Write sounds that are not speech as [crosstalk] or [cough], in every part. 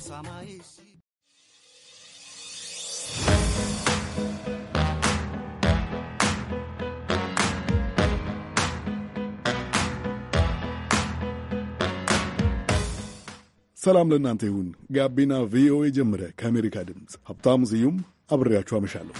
ሰላም ለእናንተ ይሁን። ጋቢና ቪኦኤ ጀመረ። ከአሜሪካ ድምፅ ሀብታሙ ስዩም አብሬያችሁ አመሻለሁ።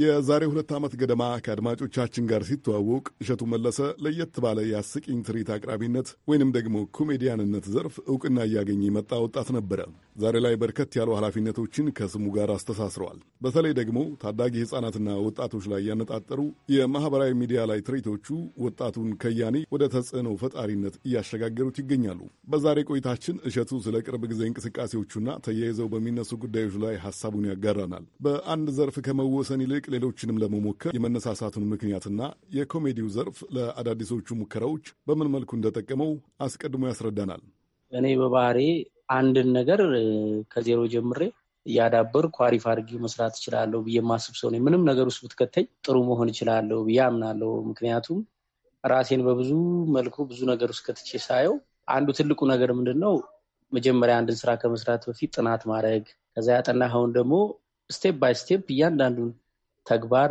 የዛሬ ሁለት ዓመት ገደማ ከአድማጮቻችን ጋር ሲተዋወቅ እሸቱ መለሰ ለየት ባለ የአስቂኝ ትርኢት አቅራቢነት ወይንም ደግሞ ኮሜዲያንነት ዘርፍ እውቅና እያገኘ የመጣ ወጣት ነበረ። ዛሬ ላይ በርከት ያሉ ኃላፊነቶችን ከስሙ ጋር አስተሳስረዋል። በተለይ ደግሞ ታዳጊ ሕፃናትና ወጣቶች ላይ ያነጣጠሩ የማኅበራዊ ሚዲያ ላይ ትርኢቶቹ ወጣቱን ከያኔ ወደ ተጽዕኖ ፈጣሪነት እያሸጋገሩት ይገኛሉ። በዛሬ ቆይታችን እሸቱ ስለ ቅርብ ጊዜ እንቅስቃሴዎቹና ተያይዘው በሚነሱ ጉዳዮች ላይ ሐሳቡን ያጋራናል። በአንድ ዘርፍ ከመወሰን ይልቅ ሌሎችንም ለመሞከር የመነሳሳቱን ምክንያትና የኮሜዲው ዘርፍ ለአዳዲሶቹ ሙከራዎች በምን መልኩ እንደጠቀመው አስቀድሞ ያስረዳናል። እኔ በባህሬ አንድን ነገር ከዜሮ ጀምሬ እያዳበርኩ አሪፍ አድርጌ መስራት እችላለሁ ብዬ የማስብ ሰው ነኝ። ምንም ነገር ውስጥ ብትከተኝ ጥሩ መሆን እችላለሁ ብዬ አምናለሁ። ምክንያቱም ራሴን በብዙ መልኩ ብዙ ነገር ውስጥ ከትቼ ሳየው አንዱ ትልቁ ነገር ምንድን ነው፣ መጀመሪያ አንድን ስራ ከመስራት በፊት ጥናት ማድረግ፣ ከዛ ያጠናኸውን ደግሞ ስቴፕ ባይ ስቴፕ እያንዳንዱን ተግባር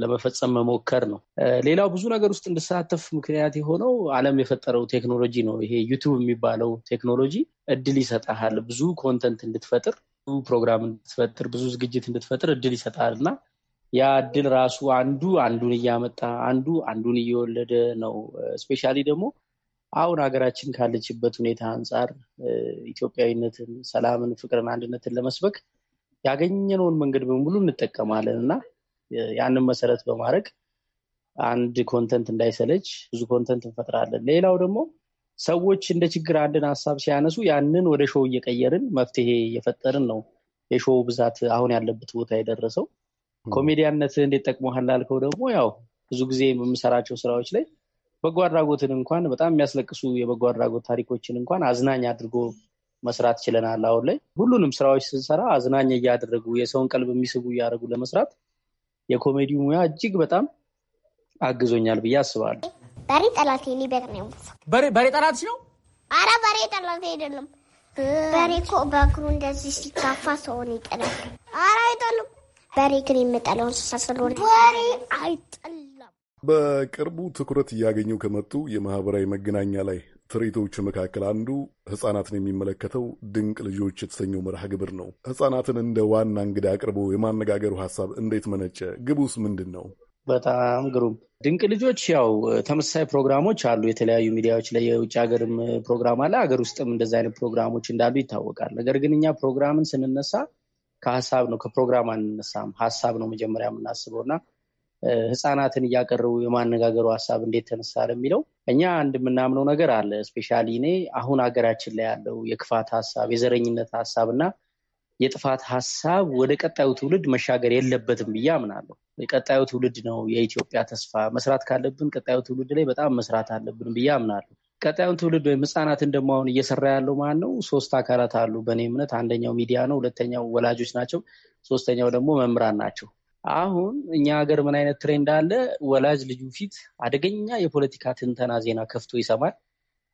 ለመፈጸም መሞከር ነው። ሌላው ብዙ ነገር ውስጥ እንድሳተፍ ምክንያት የሆነው ዓለም የፈጠረው ቴክኖሎጂ ነው። ይሄ ዩቱብ የሚባለው ቴክኖሎጂ እድል ይሰጣል ብዙ ኮንተንት እንድትፈጥር፣ ብዙ ፕሮግራም እንድትፈጥር፣ ብዙ ዝግጅት እንድትፈጥር እድል ይሰጣል እና ያ እድል ራሱ አንዱ አንዱን እያመጣ አንዱ አንዱን እየወለደ ነው። እስፔሻሊ ደግሞ አሁን ሀገራችን ካለችበት ሁኔታ አንጻር ኢትዮጵያዊነትን፣ ሰላምን፣ ፍቅርን፣ አንድነትን ለመስበክ ያገኘነውን መንገድ በሙሉ እንጠቀማለን እና ያንን መሰረት በማድረግ አንድ ኮንተንት እንዳይሰለች ብዙ ኮንተንት እንፈጥራለን። ሌላው ደግሞ ሰዎች እንደ ችግር አንድን ሀሳብ ሲያነሱ ያንን ወደ ሾው እየቀየርን መፍትሄ እየፈጠርን ነው የሾው ብዛት አሁን ያለበት ቦታ የደረሰው። ኮሜዲያነት እንዴት ጠቅሞሃል ላልከው ደግሞ ያው ብዙ ጊዜ የምሰራቸው ስራዎች ላይ በጎ አድራጎትን እንኳን በጣም የሚያስለቅሱ የበጎ አድራጎት ታሪኮችን እንኳን አዝናኝ አድርጎ መስራት ችለናል። አሁን ላይ ሁሉንም ስራዎች ስንሰራ አዝናኝ እያደረጉ የሰውን ቀልብ የሚስቡ እያደረጉ ለመስራት የኮሜዲ ሙያ እጅግ በጣም አግዞኛል ብዬ አስባለሁ። በሬ ጠላቴ ሊበቅ ነው። በሬ ጠላት ነው። አረ በሬ ጠላት አይደለም። በሬ ኮ በእግሩ እንደዚህ ሲካፋ ሰውን ይጠላል። አረ አይጠሉም። በሬ ግን የምጠለው እንስሳ ስለሆነ በሬ አይጠላም። በቅርቡ ትኩረት እያገኙ ከመጡ የማህበራዊ መገናኛ ላይ ትርኢቶቹ መካከል አንዱ ሕፃናትን የሚመለከተው ድንቅ ልጆች የተሰኘው መርሃ ግብር ነው። ሕፃናትን እንደ ዋና እንግዳ አቅርቦ የማነጋገሩ ሀሳብ እንዴት መነጨ? ግቡስ ምንድን ነው? በጣም ግሩም ድንቅ ልጆች ያው ተመሳሳይ ፕሮግራሞች አሉ። የተለያዩ ሚዲያዎች ላይ የውጭ ሀገርም ፕሮግራም አለ። ሀገር ውስጥም እንደዚ አይነት ፕሮግራሞች እንዳሉ ይታወቃል። ነገር ግን እኛ ፕሮግራምን ስንነሳ ከሀሳብ ነው፣ ከፕሮግራም አንነሳም። ሀሳብ ነው መጀመሪያ የምናስበው እና ህፃናትን እያቀረቡ የማነጋገሩ ሀሳብ እንዴት ተነሳ የሚለው እኛ አንድ የምናምነው ነገር አለ። እስፔሻሊ እኔ አሁን ሀገራችን ላይ ያለው የክፋት ሀሳብ፣ የዘረኝነት ሀሳብ እና የጥፋት ሀሳብ ወደ ቀጣዩ ትውልድ መሻገር የለበትም ብዬ አምናለሁ። የቀጣዩ ትውልድ ነው የኢትዮጵያ ተስፋ። መስራት ካለብን ቀጣዩ ትውልድ ላይ በጣም መስራት አለብን ብዬ አምናለሁ። ቀጣዩን ትውልድ ወይም ህፃናትን ደግሞ አሁን እየሰራ ያለው ማን ነው? ሶስት አካላት አሉ በእኔ እምነት። አንደኛው ሚዲያ ነው፣ ሁለተኛው ወላጆች ናቸው፣ ሶስተኛው ደግሞ መምህራን ናቸው። አሁን እኛ ሀገር ምን አይነት ትሬንድ አለ? ወላጅ ልጁ ፊት አደገኛ የፖለቲካ ትንተና ዜና ከፍቶ ይሰማል፣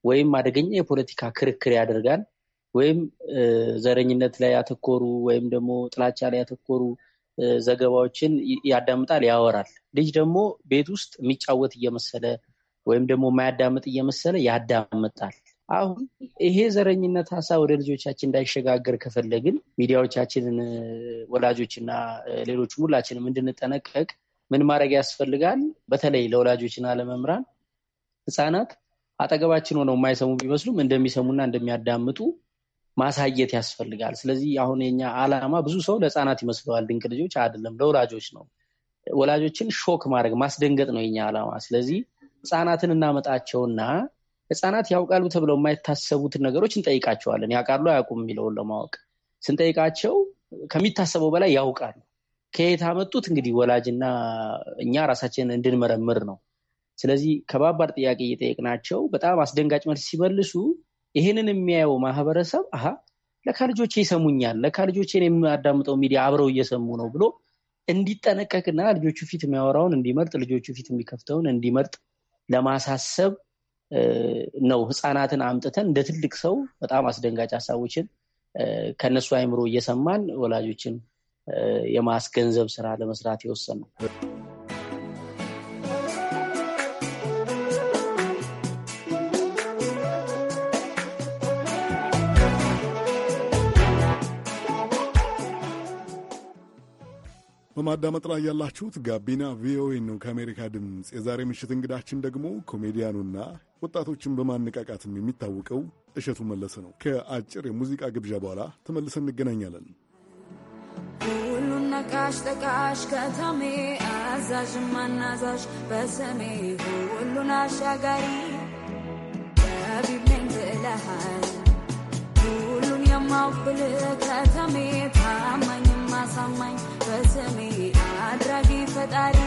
ወይም አደገኛ የፖለቲካ ክርክር ያደርጋል፣ ወይም ዘረኝነት ላይ ያተኮሩ ወይም ደግሞ ጥላቻ ላይ ያተኮሩ ዘገባዎችን ያዳምጣል፣ ያወራል። ልጅ ደግሞ ቤት ውስጥ የሚጫወት እየመሰለ ወይም ደግሞ የማያዳምጥ እየመሰለ ያዳምጣል። አሁን ይሄ ዘረኝነት ሀሳብ ወደ ልጆቻችን እንዳይሸጋገር ከፈለግን ሚዲያዎቻችንን፣ ወላጆችና ሌሎች ሁላችንም እንድንጠነቀቅ ምን ማድረግ ያስፈልጋል? በተለይ ለወላጆችና ለመምህራን ህፃናት አጠገባችን ሆነው የማይሰሙ ቢመስሉም እንደሚሰሙና እንደሚያዳምጡ ማሳየት ያስፈልጋል። ስለዚህ አሁን የኛ አላማ ብዙ ሰው ለህፃናት ይመስለዋል፣ ድንቅ ልጆች አይደለም፣ ለወላጆች ነው። ወላጆችን ሾክ ማድረግ ማስደንገጥ ነው የኛ አላማ ስለዚህ ህፃናትን እናመጣቸውና ህጻናት ያውቃሉ ተብለው የማይታሰቡትን ነገሮች እንጠይቃቸዋለን። ያውቃሉ አያውቁም የሚለውን ለማወቅ ስንጠይቃቸው ከሚታሰበው በላይ ያውቃሉ። ከየት አመጡት? እንግዲህ ወላጅና እኛ ራሳችንን እንድንመረምር ነው። ስለዚህ ከባባድ ጥያቄ እየጠየቅናቸው በጣም አስደንጋጭ መልስ ሲመልሱ ይህንን የሚያየው ማህበረሰብ አሀ ለካ ልጆቼ ይሰሙኛል፣ ለካ ልጆቼን የሚያዳምጠው ሚዲያ አብረው እየሰሙ ነው ብሎ እንዲጠነቀቅና ልጆቹ ፊት የሚያወራውን እንዲመርጥ፣ ልጆቹ ፊት የሚከፍተውን እንዲመርጥ ለማሳሰብ ነው ህፃናትን አምጥተን እንደ ትልቅ ሰው በጣም አስደንጋጭ ሀሳቦችን ከእነሱ አይምሮ እየሰማን ወላጆችን የማስገንዘብ ስራ ለመስራት የወሰን ነው። በማዳመጥ ላይ ያላችሁት ጋቢና ቪኦኤ ነው ከአሜሪካ ድምፅ። የዛሬ ምሽት እንግዳችን ደግሞ ኮሜዲያኑና ወጣቶችን በማነቃቃትም የሚታወቀው እሸቱ መለሰ ነው። ከአጭር የሙዚቃ ግብዣ በኋላ ተመልሰን እንገናኛለን። ሁሉን ነቃሽ ጠቃሽ ከተሜ አዛዥ ማናዛዥ በሰሜ ሁሉን አሻጋሪ ጠቢብነኝ ብለሃል ሁሉን የማውቅ ብልህ ከተሜ ታማኝ አሳማኝ በስሜ አድራጊ ፈጣሪ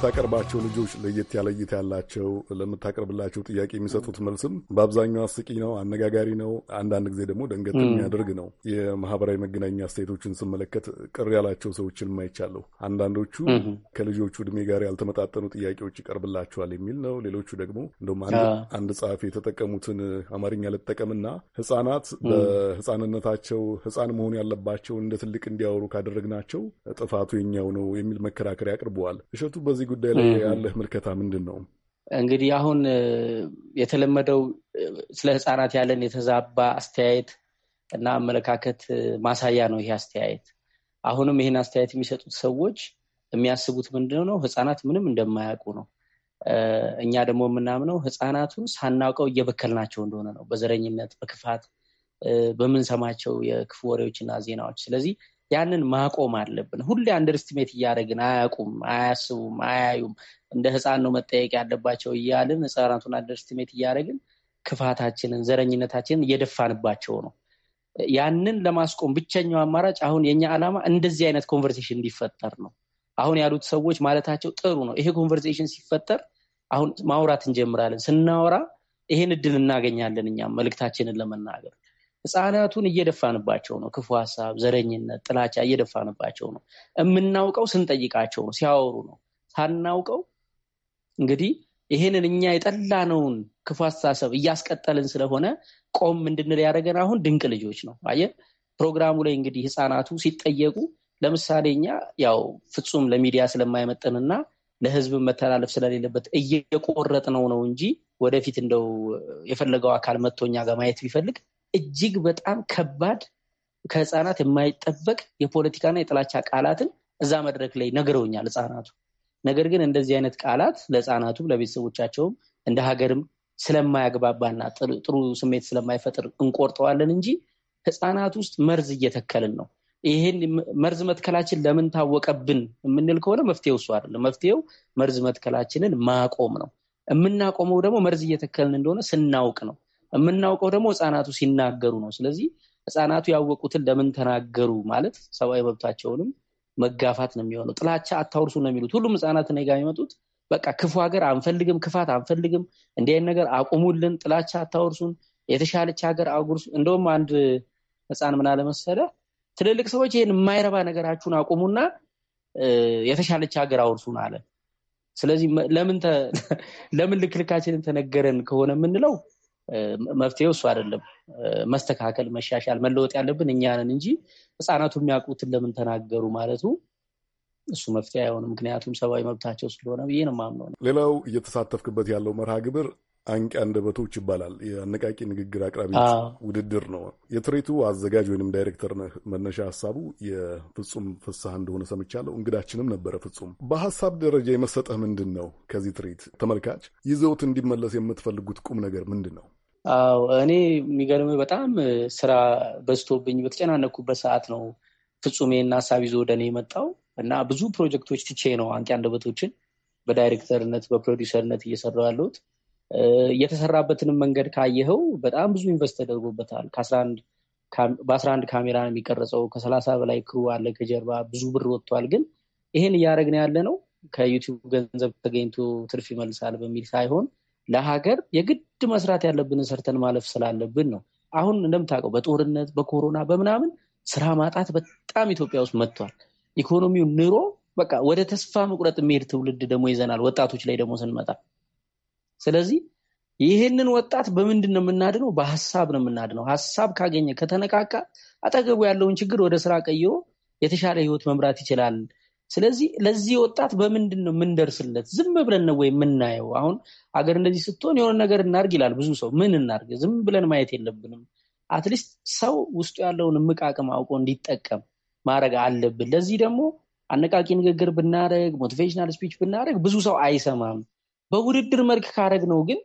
ለምታቀርባቸው ልጆች ለየት ያለ እይታ ያላቸው ለምታቀርብላቸው ጥያቄ የሚሰጡት መልስም በአብዛኛው አስቂ ነው፣ አነጋጋሪ ነው፣ አንዳንድ ጊዜ ደግሞ ደንገት የሚያደርግ ነው። የማህበራዊ መገናኛ አስተያየቶችን ስመለከት ቅር ያላቸው ሰዎችን ማይቻለሁ። አንዳንዶቹ ከልጆቹ እድሜ ጋር ያልተመጣጠኑ ጥያቄዎች ይቀርብላቸዋል የሚል ነው። ሌሎቹ ደግሞ እንደውም አንድ ጸሐፊ የተጠቀሙትን አማርኛ ልጠቀምና ህጻናት በህጻንነታቸው ህጻን መሆን ያለባቸው እንደ ትልቅ እንዲያወሩ ካደረግናቸው ጥፋቱ የኛው ነው የሚል መከራከሪያ አቅርበዋል። እሸቱ በዚህ ጉዳይ ላይ ያለህ ምልከታ ምንድን ነው? እንግዲህ አሁን የተለመደው ስለ ህፃናት ያለን የተዛባ አስተያየት እና አመለካከት ማሳያ ነው ይሄ አስተያየት። አሁንም ይህን አስተያየት የሚሰጡት ሰዎች የሚያስቡት ምንድን ነው? ህፃናት ምንም እንደማያውቁ ነው። እኛ ደግሞ የምናምነው ህፃናቱን ሳናውቀው እየበከልናቸው እንደሆነ ነው፣ በዘረኝነት፣ በክፋት፣ በምንሰማቸው የክፉ እና ዜናዎች። ስለዚህ ያንን ማቆም አለብን። ሁሌ አንደርስቲሜት እያደረግን አያውቁም፣ አያስቡም፣ አያዩም እንደ ህፃን ነው መጠየቅ ያለባቸው እያልን ህፃናቱን አንደርስቲሜት እያደረግን ክፋታችንን፣ ዘረኝነታችንን እየደፋንባቸው ነው። ያንን ለማስቆም ብቸኛው አማራጭ አሁን የኛ ዓላማ እንደዚህ አይነት ኮንቨርሴሽን እንዲፈጠር ነው። አሁን ያሉት ሰዎች ማለታቸው ጥሩ ነው። ይሄ ኮንቨርሴሽን ሲፈጠር አሁን ማውራት እንጀምራለን። ስናወራ ይሄን እድል እናገኛለን እኛም መልእክታችንን ለመናገር ህፃናቱን እየደፋንባቸው ነው። ክፉ ሀሳብ፣ ዘረኝነት፣ ጥላቻ እየደፋንባቸው ነው። የምናውቀው ስንጠይቃቸው ነው፣ ሲያወሩ ነው። ሳናውቀው እንግዲህ ይሄንን እኛ የጠላነውን ክፉ አስተሳሰብ እያስቀጠልን ስለሆነ ቆም እንድንል ያደረገን አሁን ድንቅ ልጆች ነው። አየ ፕሮግራሙ ላይ እንግዲህ ህፃናቱ ሲጠየቁ ለምሳሌ እኛ ያው ፍጹም ለሚዲያ ስለማይመጥንና ለህዝብ መተላለፍ ስለሌለበት እየቆረጥ ነው ነው እንጂ ወደፊት እንደው የፈለገው አካል መጥቶ እኛ ጋር ማየት ቢፈልግ እጅግ በጣም ከባድ ከህፃናት የማይጠበቅ የፖለቲካና የጥላቻ ቃላትን እዛ መድረክ ላይ ነግረውኛል ህፃናቱ። ነገር ግን እንደዚህ አይነት ቃላት ለህፃናቱም ለቤተሰቦቻቸውም እንደ ሀገርም ስለማያግባባና ጥሩ ስሜት ስለማይፈጥር እንቆርጠዋለን እንጂ ህፃናት ውስጥ መርዝ እየተከልን ነው። ይህን መርዝ መትከላችን ለምን ታወቀብን የምንል ከሆነ መፍትሄው እሱ አይደለም። መፍትሄው መርዝ መትከላችንን ማቆም ነው። የምናቆመው ደግሞ መርዝ እየተከልን እንደሆነ ስናውቅ ነው። የምናውቀው ደግሞ ህፃናቱ ሲናገሩ ነው። ስለዚህ ህፃናቱ ያወቁትን ለምን ተናገሩ ማለት ሰብአዊ መብታቸውንም መጋፋት ነው የሚሆነው። ጥላቻ አታውርሱ ነው የሚሉት ሁሉም ህፃናት ነጋ የሚመጡት በቃ ክፉ ሀገር አንፈልግም፣ ክፋት አንፈልግም፣ እንዲ አይነት ነገር አቁሙልን፣ ጥላቻ አታውርሱን፣ የተሻለች ሀገር አጉርሱ። እንደውም አንድ ህፃን ምን አለመሰለ ትልልቅ ሰዎች ይህን የማይረባ ነገራችሁን አቁሙና የተሻለች ሀገር አውርሱን አለ። ስለዚህ [laughs] ለምን ልክልካችንን ተነገረን ከሆነ የምንለው መፍትሄው እሱ አይደለም። መስተካከል፣ መሻሻል፣ መለወጥ ያለብን እኛንን እንጂ ህፃናቱ የሚያውቁትን ለምን ተናገሩ ማለቱ እሱ መፍትሄ አይሆንም። ምክንያቱም ሰብአዊ መብታቸው ስለሆነ ብዬ ነው የማምነው። ሌላው እየተሳተፍክበት ያለው መርሃ ግብር አንቂ አንደበቶች ይባላል። የአነቃቂ ንግግር አቅራቢዎች ውድድር ነው። የትርኢቱ አዘጋጅ ወይንም ዳይሬክተር ነህ። መነሻ ሀሳቡ የፍጹም ፍስሐ እንደሆነ ሰምቻለሁ። እንግዳችንም ነበረ ፍጹም። በሀሳብ ደረጃ የመሰጠህ ምንድን ነው? ከዚህ ትርኢት ተመልካች ይዘውት እንዲመለስ የምትፈልጉት ቁም ነገር ምንድን ነው? አዎ እኔ የሚገርምህ በጣም ስራ በዝቶብኝ በተጨናነኩበት ሰዓት ነው ፍጹሜና ሀሳብ ይዞ ወደ እኔ የመጣው እና ብዙ ፕሮጀክቶች ትቼ ነው አንቂ አንደበቶችን በዳይሬክተርነት በፕሮዲሰርነት እየሰራው ያለሁት። የተሰራበትንም መንገድ ካየኸው በጣም ብዙ ኢንቨስት ተደርጎበታል። በአስራ አንድ ካሜራ ነው የሚቀረጸው። ከሰላሳ በላይ ክሩ አለ ከጀርባ ብዙ ብር ወጥቷል። ግን ይሄን እያደረግን ያለ ነው ከዩቲዩብ ገንዘብ ተገኝቶ ትርፍ ይመልሳል በሚል ሳይሆን ለሀገር የግድ መስራት ያለብንን ሰርተን ማለፍ ስላለብን ነው። አሁን እንደምታውቀው በጦርነት በኮሮና በምናምን ስራ ማጣት በጣም ኢትዮጵያ ውስጥ መጥቷል። ኢኮኖሚው ኑሮ በቃ ወደ ተስፋ መቁረጥ የሚሄድ ትውልድ ደግሞ ይዘናል። ወጣቶች ላይ ደግሞ ስንመጣ ስለዚህ ይህንን ወጣት በምንድን ነው የምናድነው? በሀሳብ ነው የምናድነው። ሀሳብ ካገኘ ከተነቃቃ አጠገቡ ያለውን ችግር ወደ ስራ ቀይሮ የተሻለ ህይወት መምራት ይችላል ስለዚህ ለዚህ ወጣት በምንድን ነው የምንደርስለት? ዝም ብለን ነው ወይ የምናየው? አሁን አገር እንደዚህ ስትሆን የሆነ ነገር እናርግ ይላል ብዙ ሰው። ምን እናርግ? ዝም ብለን ማየት የለብንም። አትሊስት ሰው ውስጡ ያለውን እምቅ አቅም አውቆ እንዲጠቀም ማድረግ አለብን። ለዚህ ደግሞ አነቃቂ ንግግር ብናደረግ፣ ሞቲቬሽናል ስፒች ብናደረግ ብዙ ሰው አይሰማም። በውድድር መልክ ካደረግ ነው ግን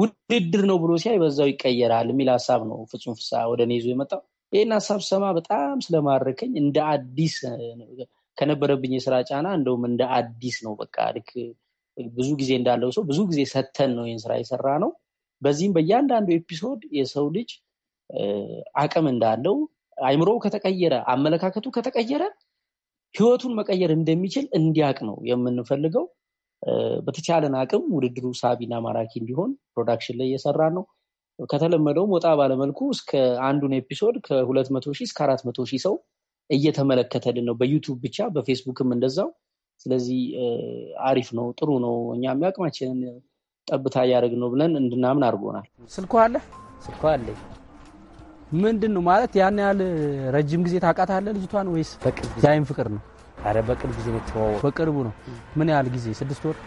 ውድድር ነው ብሎ ሲያይ በዛው ይቀየራል የሚል ሀሳብ ነው ፍጹም ፍሳ ወደ እኔ ይዞ የመጣው። ይህን ሀሳብ ሰማ በጣም ስለማረከኝ እንደ አዲስ ከነበረብኝ የስራ ጫና እንደውም እንደ አዲስ ነው። በቃ ልክ ብዙ ጊዜ እንዳለው ሰው ብዙ ጊዜ ሰተን ነው ይህን ስራ የሰራ ነው። በዚህም በእያንዳንዱ ኤፒሶድ የሰው ልጅ አቅም እንዳለው አይምሮ ከተቀየረ፣ አመለካከቱ ከተቀየረ ህይወቱን መቀየር እንደሚችል እንዲያውቅ ነው የምንፈልገው። በተቻለን አቅም ውድድሩ ሳቢና ማራኪ እንዲሆን ፕሮዳክሽን ላይ እየሰራን ነው። ከተለመደውም ወጣ ባለመልኩ እስከ አንዱን ኤፒሶድ ከሁለት መቶ ሺህ እስከ አራት መቶ ሺህ ሰው እየተመለከተልን ነው። በዩቱብ ብቻ በፌስቡክም እንደዛው። ስለዚህ አሪፍ ነው፣ ጥሩ ነው። እኛም የሚያቅማችንን ጠብታ እያደረግ ነው ብለን እንድናምን አድርጎናል። ስልኩ አለ ስልኩ አለ። ምንድን ነው ማለት ያን ያህል ረጅም ጊዜ ታውቃታለህ ልጅቷን ወይስ ዛይም ፍቅር ነው? አረ በቅርብ ጊዜ ነው፣ በቅርቡ ነው። ምን ያህል ጊዜ? ስድስት ወር፣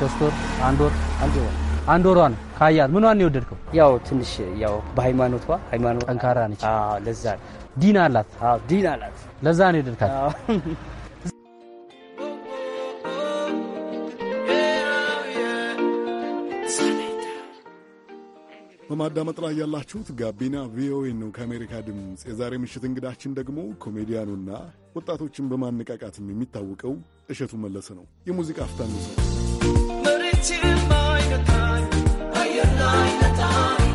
ሶስት ወር፣ አንድ ወር፣ አንድ ወር አንድ ወሯ ነው ካያት። ምኗን ነው የወደድከው? ያው ትንሽ ያው በሃይማኖቷ ሃይማኖት ጠንካራ ነች። አዎ ለዛ ዲን አላት። አዎ ዲን አላት። ለዛ ነው የወደድካት። በማዳመጥ ላይ ያላችሁት ጋቢና ቪኦኤ ነው ከአሜሪካ ድምፅ። የዛሬ ምሽት እንግዳችን ደግሞ ኮሜዲያኑና ወጣቶችን በማነቃቃትም የሚታወቀው እሸቱ መለሰ ነው። የሙዚቃ አፍታን ነው። find the time.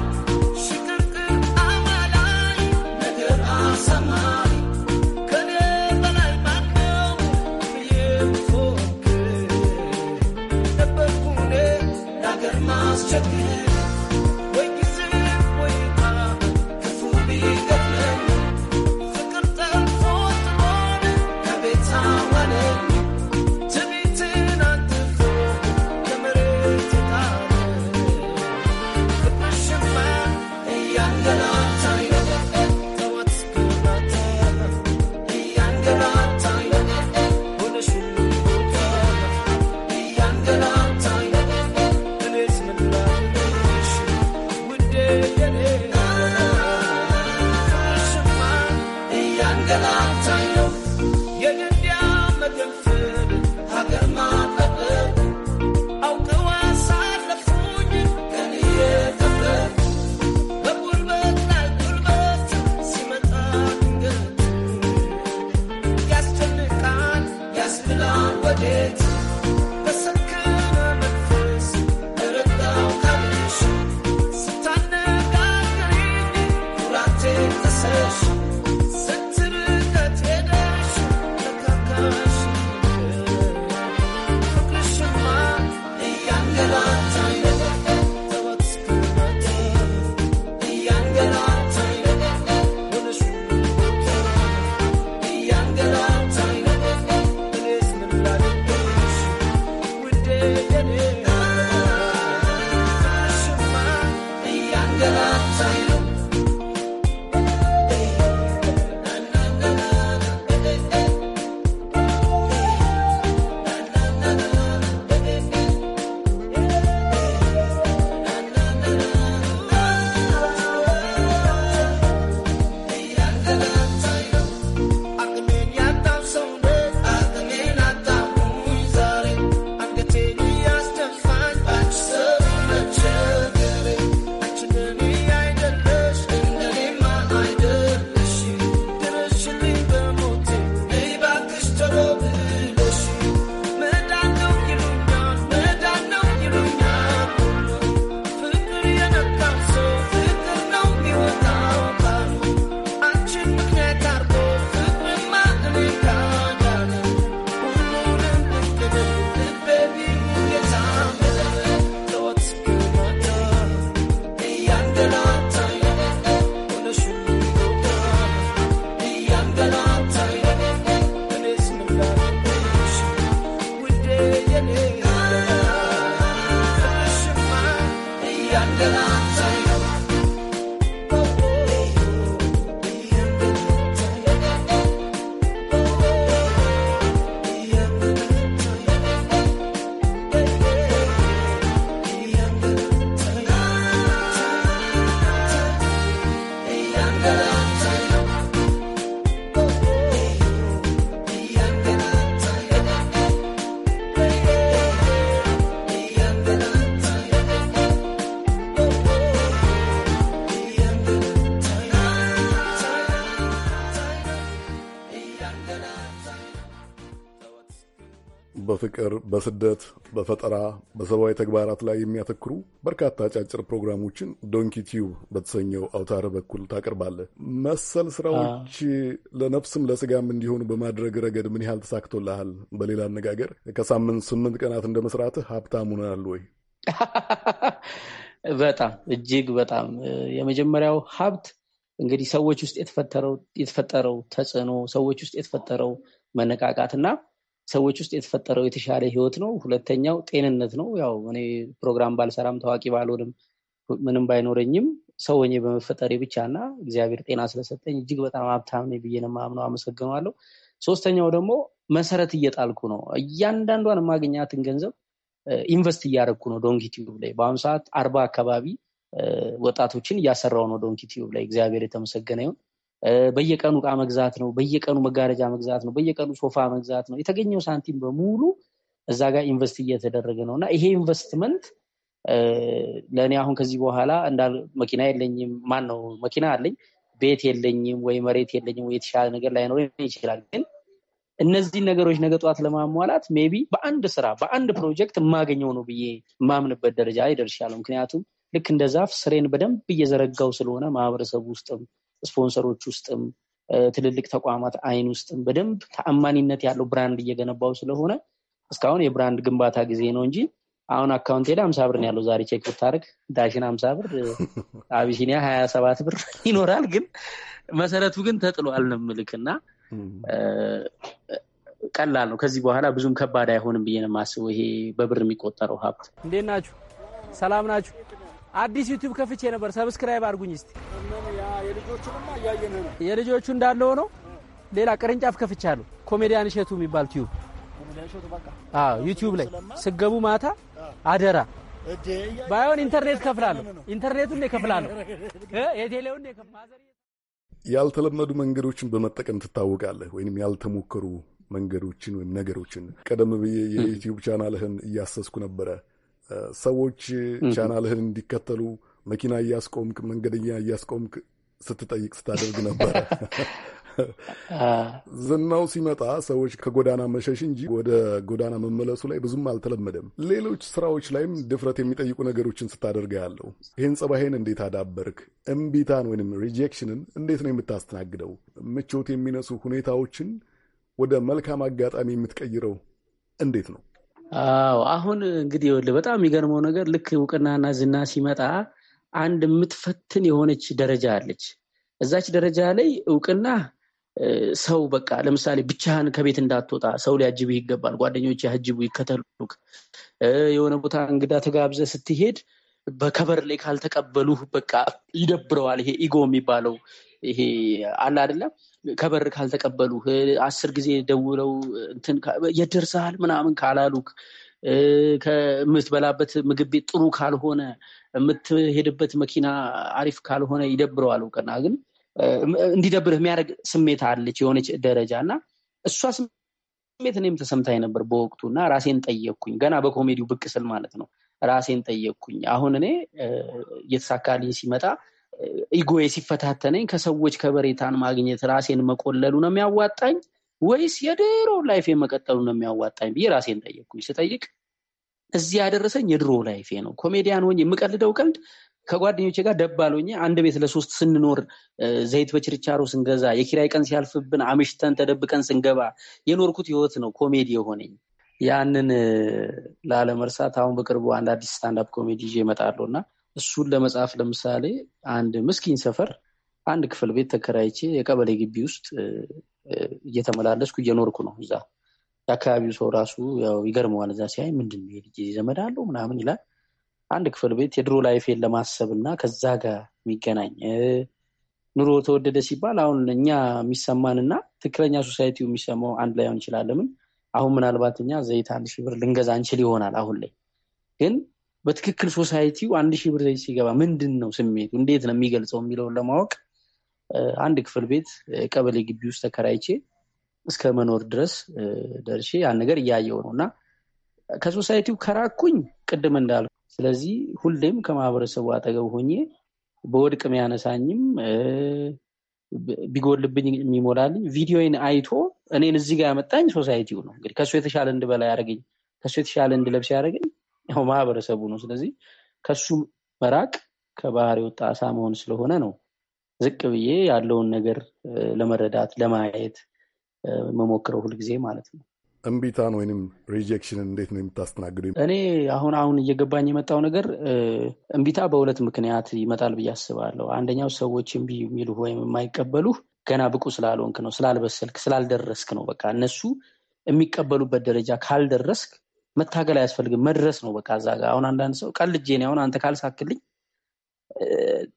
በፍቅር፣ በስደት፣ በፈጠራ፣ በሰብአዊ ተግባራት ላይ የሚያተክሩ በርካታ አጫጭር ፕሮግራሞችን ዶንኪ ቲዩብ በተሰኘው አውታር በኩል ታቀርባለህ። መሰል ስራዎች ለነፍስም ለስጋም እንዲሆኑ በማድረግ ረገድ ምን ያህል ተሳክቶልሃል? በሌላ አነጋገር ከሳምንት ስምንት ቀናት እንደ መስራትህ ሀብታም ሆነሃል ወይ? [laughs] በጣም እጅግ በጣም የመጀመሪያው ሀብት እንግዲህ ሰዎች ውስጥ የተፈጠረው ተጽዕኖ፣ ሰዎች ውስጥ የተፈጠረው መነቃቃት እና ሰዎች ውስጥ የተፈጠረው የተሻለ ህይወት ነው። ሁለተኛው ጤንነት ነው። ያው እኔ ፕሮግራም ባልሰራም ታዋቂ ባልሆንም ምንም ባይኖረኝም ሰው ሆኜ በመፈጠሬ ብቻ እና እግዚአብሔር ጤና ስለሰጠኝ እጅግ በጣም ሀብታም ነኝ ብዬ ነው አመሰግነዋለሁ። ሶስተኛው ደግሞ መሰረት እየጣልኩ ነው። እያንዳንዷን የማገኛትን ገንዘብ ኢንቨስት እያደረግኩ ነው ዶንኪቲዩብ ላይ። በአሁኑ ሰዓት አርባ አካባቢ ወጣቶችን እያሰራው ነው ዶንኪቲዩብ ላይ። እግዚአብሔር የተመሰገነ ይሁን። በየቀኑ እቃ መግዛት ነው፣ በየቀኑ መጋረጃ መግዛት ነው፣ በየቀኑ ሶፋ መግዛት ነው። የተገኘው ሳንቲም በሙሉ እዛ ጋር ኢንቨስት እየተደረገ ነው እና ይሄ ኢንቨስትመንት ለእኔ አሁን ከዚህ በኋላ እንዳል መኪና የለኝም ማን ነው መኪና አለኝ ቤት የለኝም ወይ መሬት የለኝም ወይ የተሻለ ነገር ላይኖር ይችላል። ግን እነዚህን ነገሮች ነገ ጠዋት ለማሟላት ሜቢ በአንድ ስራ በአንድ ፕሮጀክት የማገኘው ነው ብዬ የማምንበት ደረጃ ላይ ምክንያቱም ልክ እንደ ዛፍ ስሬን በደንብ እየዘረጋው ስለሆነ ማህበረሰቡ ውስጥም ስፖንሰሮች ውስጥም ትልልቅ ተቋማት አይን ውስጥም በደንብ ተአማኒነት ያለው ብራንድ እየገነባው ስለሆነ እስካሁን የብራንድ ግንባታ ጊዜ ነው እንጂ አሁን አካውንት ሄደ አምሳ ብር ነው ያለው። ዛሬ ቼክ ብታደርግ ዳሽን አምሳ ብር፣ [laughs] አቢሲኒያ ሀያ ሰባት ብር [laughs] ይኖራል። ግን መሰረቱ ግን ተጥሏል ነው የምልህ እና ቀላል ነው። ከዚህ በኋላ ብዙም ከባድ አይሆንም ብዬ ነው የማስበው። ይሄ በብር የሚቆጠረው ሀብት። እንዴት ናችሁ? ሰላም ናችሁ? አዲስ ዩቲዩብ ከፍቼ ነበር። ሰብስክራይብ አድርጉኝ እስቲ። የልጆቹ እንዳለ ሆኖ ሌላ ቅርንጫፍ ከፍቻለሁ። ኮሜዲያን እሸቱ የሚባል ቲዩብ ዩቲዩብ ላይ ስገቡ ማታ አደራ ባይሆን ኢንተርኔት ከፍላለሁ። ኢንተርኔቱን ከፍላለሁ። የቴሌውን ያልተለመዱ መንገዶችን በመጠቀም ትታወቃለህ ወይም ያልተሞከሩ መንገዶችን ወይም ነገሮችን። ቀደም ብዬ የዩቲዩብ ቻናልህን እያሰስኩ ነበረ። ሰዎች ቻናልህን እንዲከተሉ መኪና እያስቆምክ መንገደኛ እያስቆምክ ስትጠይቅ ስታደርግ ነበር። [laughs] ዝናው ሲመጣ ሰዎች ከጎዳና መሸሽ እንጂ ወደ ጎዳና መመለሱ ላይ ብዙም አልተለመደም። ሌሎች ስራዎች ላይም ድፍረት የሚጠይቁ ነገሮችን ስታደርግ ያለው ይህን ጸባይን እንዴት አዳበርክ? እምቢታን ወይንም ሪጀክሽንን እንዴት ነው የምታስተናግደው? ምቾት የሚነሱ ሁኔታዎችን ወደ መልካም አጋጣሚ የምትቀይረው እንዴት ነው? አዎ አሁን እንግዲህ በጣም የሚገርመው ነገር ልክ እውቅናና ዝና ሲመጣ አንድ የምትፈትን የሆነች ደረጃ አለች። እዛች ደረጃ ላይ እውቅና ሰው በቃ ለምሳሌ ብቻህን ከቤት እንዳትወጣ ሰው ሊያጅቡ ይገባል። ጓደኞች ያጅቡ ይከተሉክ። የሆነ ቦታ እንግዳ ተጋብዘ ስትሄድ በከበር ላይ ካልተቀበሉህ በቃ ይደብረዋል። ይሄ ኢጎ የሚባለው ይሄ አለ አይደለም ከበር ካልተቀበሉ አስር ጊዜ ደውለው እንትን የደርሰሃል ምናምን ካላሉክ ከምትበላበት ምግብ ቤት ጥሩ ካልሆነ የምትሄድበት መኪና አሪፍ ካልሆነ ይደብረዋል። እውቅና ግን እንዲደብርህ የሚያደርግ ስሜት አለች የሆነች ደረጃ እና እሷ ስሜት እኔም ተሰምታኝ ነበር በወቅቱ እና ራሴን ጠየቅኩኝ። ገና በኮሜዲው ብቅ ስል ማለት ነው ራሴን ጠየቅኩኝ። አሁን እኔ እየተሳካልኝ ሲመጣ ኢጎዬ ሲፈታተነኝ ከሰዎች ከበሬታን ማግኘት ራሴን መቆለሉ ነው የሚያዋጣኝ ወይስ የድሮ ላይፌ መቀጠሉ ነው የሚያዋጣኝ ብዬ ራሴን ጠየቅኩኝ። ስጠይቅ እዚህ ያደረሰኝ የድሮ ላይፌ ነው። ኮሜዲያን ሆኜ የምቀልደው ቀልድ ከጓደኞቼ ጋር ደባል አንድ ቤት ለሶስት ስንኖር ዘይት በችርቻሮ ስንገዛ፣ የኪራይ ቀን ሲያልፍብን አምሽተን ተደብቀን ስንገባ የኖርኩት ህይወት ነው ኮሜዲ የሆነኝ። ያንን ላለመርሳት አሁን በቅርቡ አንድ አዲስ ስታንዳፕ ኮሜዲ ይዤ እመጣለሁ እና እሱን ለመጻፍ ለምሳሌ አንድ ምስኪን ሰፈር አንድ ክፍል ቤት ተከራይቼ የቀበሌ ግቢ ውስጥ እየተመላለስኩ እየኖርኩ ነው። እዛ የአካባቢው ሰው ራሱ ያው ይገርመዋል። እዛ ሲያይ ምንድን ነው ዘመድ አለው ምናምን ይላል። አንድ ክፍል ቤት የድሮ ላይፌን ለማሰብ እና ከዛ ጋር የሚገናኝ ኑሮ ተወደደ ሲባል አሁን እኛ የሚሰማን እና ትክክለኛ ሶሳይቲው የሚሰማው አንድ ላይ ሆን አሁን ምናልባት እኛ ዘይት አንድ ሺህ ብር ልንገዛ እንችል ይሆናል። አሁን ላይ ግን በትክክል ሶሳይቲው አንድ ሺህ ብር ሲገባ ምንድን ነው ስሜቱ፣ እንዴት ነው የሚገልጸው የሚለውን ለማወቅ አንድ ክፍል ቤት ቀበሌ ግቢ ውስጥ ተከራይቼ እስከ መኖር ድረስ ደርሼ ያን ነገር እያየው ነው እና ከሶሳይቲው ከራኩኝ ቅድም እንዳልኩ፣ ስለዚህ ሁሌም ከማህበረሰቡ አጠገብ ሆኜ በወድቅ የሚያነሳኝም ቢጎልብኝ የሚሞላልኝ ቪዲዮን አይቶ እኔን እዚህ ጋር ያመጣኝ ሶሳይቲው ነው። እንግዲህ ከሱ የተሻለ እንድበላ ያደረገኝ፣ ከሱ የተሻለ እንድለብስ ያደረገኝ ያው ማህበረሰቡ ነው። ስለዚህ ከሱ መራቅ ከባህር የወጣ አሳ መሆን ስለሆነ ነው ዝቅ ብዬ ያለውን ነገር ለመረዳት ለማየት መሞክረው ሁልጊዜ ማለት ነው። እምቢታን ወይም ሪጀክሽንን እንዴት ነው የምታስተናግዱ እኔ አሁን አሁን እየገባኝ የመጣው ነገር እምቢታ በሁለት ምክንያት ይመጣል ብዬ አስባለሁ። አንደኛው ሰዎች እምቢ የሚሉ ወይም የማይቀበሉ ገና ብቁ ስላልሆንክ ነው፣ ስላልበሰልክ፣ ስላልደረስክ ነው። በቃ እነሱ የሚቀበሉበት ደረጃ ካልደረስክ መታገል አያስፈልግም። መድረስ ነው በቃ እዛ ጋር። አሁን አንዳንድ ሰው ቀልጄ ነው አሁን አንተ ካልሳክልኝ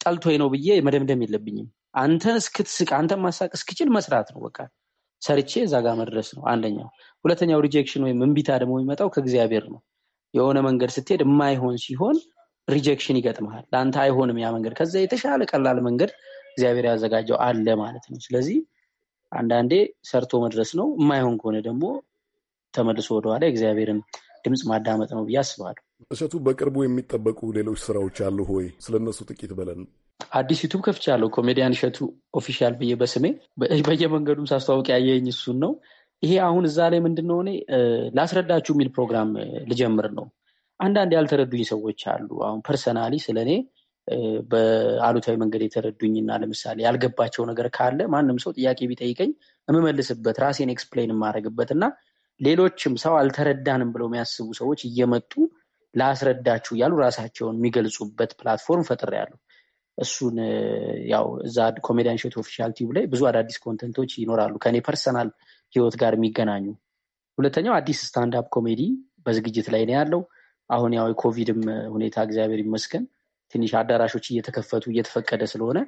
ጠልቶኝ ነው ብዬ መደምደም የለብኝም። አንተን እስክትስቅ አንተን ማሳቅ እስክችል መስራት ነው በቃ ሰርቼ እዛ ጋር መድረስ ነው አንደኛው። ሁለተኛው ሪጀክሽን ወይም እንቢታ ደግሞ የሚመጣው ከእግዚአብሔር ነው። የሆነ መንገድ ስትሄድ የማይሆን ሲሆን ሪጀክሽን ይገጥመሃል። ለአንተ አይሆንም ያ መንገድ። ከዛ የተሻለ ቀላል መንገድ እግዚአብሔር ያዘጋጀው አለ ማለት ነው። ስለዚህ አንዳንዴ ሰርቶ መድረስ ነው። የማይሆን ከሆነ ደግሞ ተመልሶ ወደኋላ እግዚአብሔርን ድምፅ ማዳመጥ ነው ብዬ አስባለሁ። እሸቱ፣ በቅርቡ የሚጠበቁ ሌሎች ስራዎች አሉ ሆይ? ስለነሱ ጥቂት በለን። አዲስ ዩቱብ ከፍቻለሁ፣ ኮሜዲያን እሸቱ ኦፊሻል ብዬ በስሜ [laughs] በየመንገዱም ሳስተዋወቅ ያየኝ እሱን ነው። ይሄ አሁን እዛ ላይ ምንድን ነው እኔ ላስረዳችሁ የሚል ፕሮግራም ልጀምር ነው። አንዳንድ ያልተረዱኝ ሰዎች አሉ። አሁን ፐርሰናሊ ስለ እኔ በአሉታዊ መንገድ የተረዱኝና ለምሳሌ ያልገባቸው ነገር ካለ ማንም ሰው ጥያቄ ቢጠይቀኝ የምመልስበት ራሴን ኤክስፕሌን የማደርግበት እና ሌሎችም ሰው አልተረዳንም ብለው የሚያስቡ ሰዎች እየመጡ ላስረዳችሁ እያሉ ራሳቸውን የሚገልጹበት ፕላትፎርም ፈጥር ያሉ እሱን ያው እዛ ኮሜዲያን ሾት ኦፊሻል ቲዩብ ላይ ብዙ አዳዲስ ኮንተንቶች ይኖራሉ ከኔ ፐርሰናል ህይወት ጋር የሚገናኙ። ሁለተኛው አዲስ ስታንዳፕ ኮሜዲ በዝግጅት ላይ ነው ያለው። አሁን ያው የኮቪድም ሁኔታ እግዚአብሔር ይመስገን ትንሽ አዳራሾች እየተከፈቱ እየተፈቀደ ስለሆነ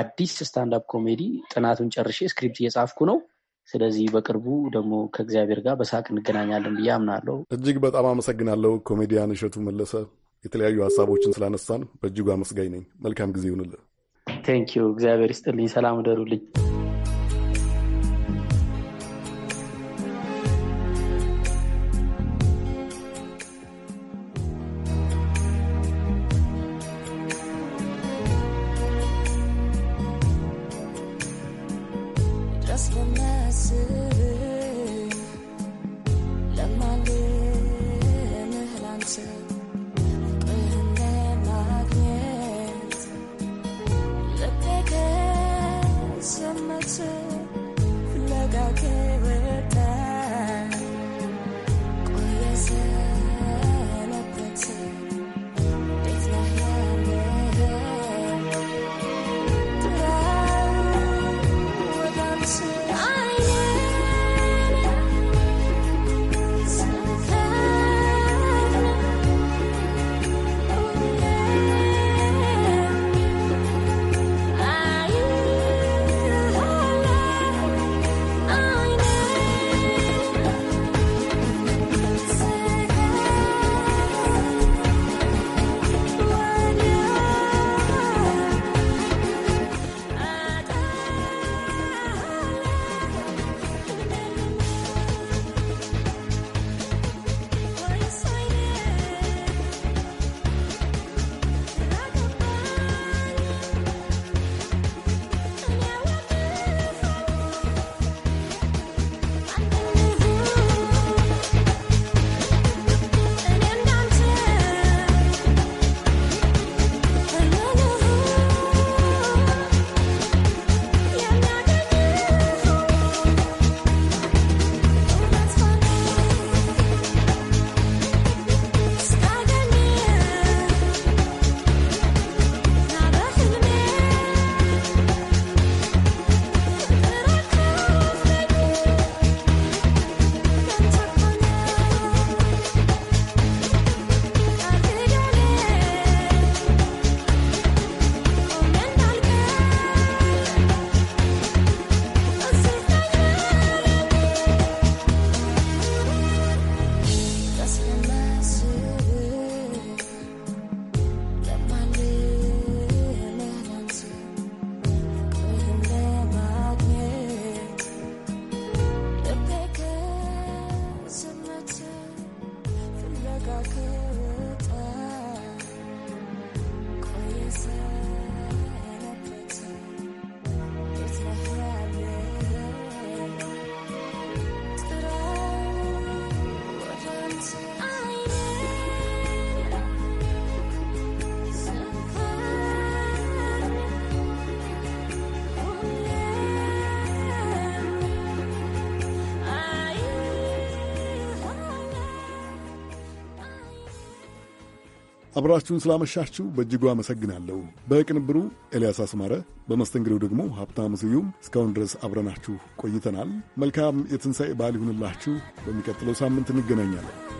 አዲስ ስታንዳፕ ኮሜዲ ጥናቱን ጨርሼ ስክሪፕት እየጻፍኩ ነው። ስለዚህ በቅርቡ ደግሞ ከእግዚአብሔር ጋር በሳቅ እንገናኛለን ብዬ አምናለሁ። እጅግ በጣም አመሰግናለሁ ኮሜዲያን እሸቱ መለሰ። የተለያዩ ሀሳቦችን ስላነሳን በእጅጉ አመስጋኝ ነኝ። መልካም ጊዜ ይሁንልን። ቴንኪዩ። እግዚአብሔር ይስጥልኝ። ሰላም እደሩልኝ። አብራችሁን ስላመሻችሁ በእጅጉ አመሰግናለሁ። በቅንብሩ ኤልያስ አስማረ፣ በመስተንግዶው ደግሞ ሀብታሙ ስዩም። እስካሁን ድረስ አብረናችሁ ቆይተናል። መልካም የትንሣኤ በዓል ይሁንላችሁ። በሚቀጥለው ሳምንት እንገናኛለን።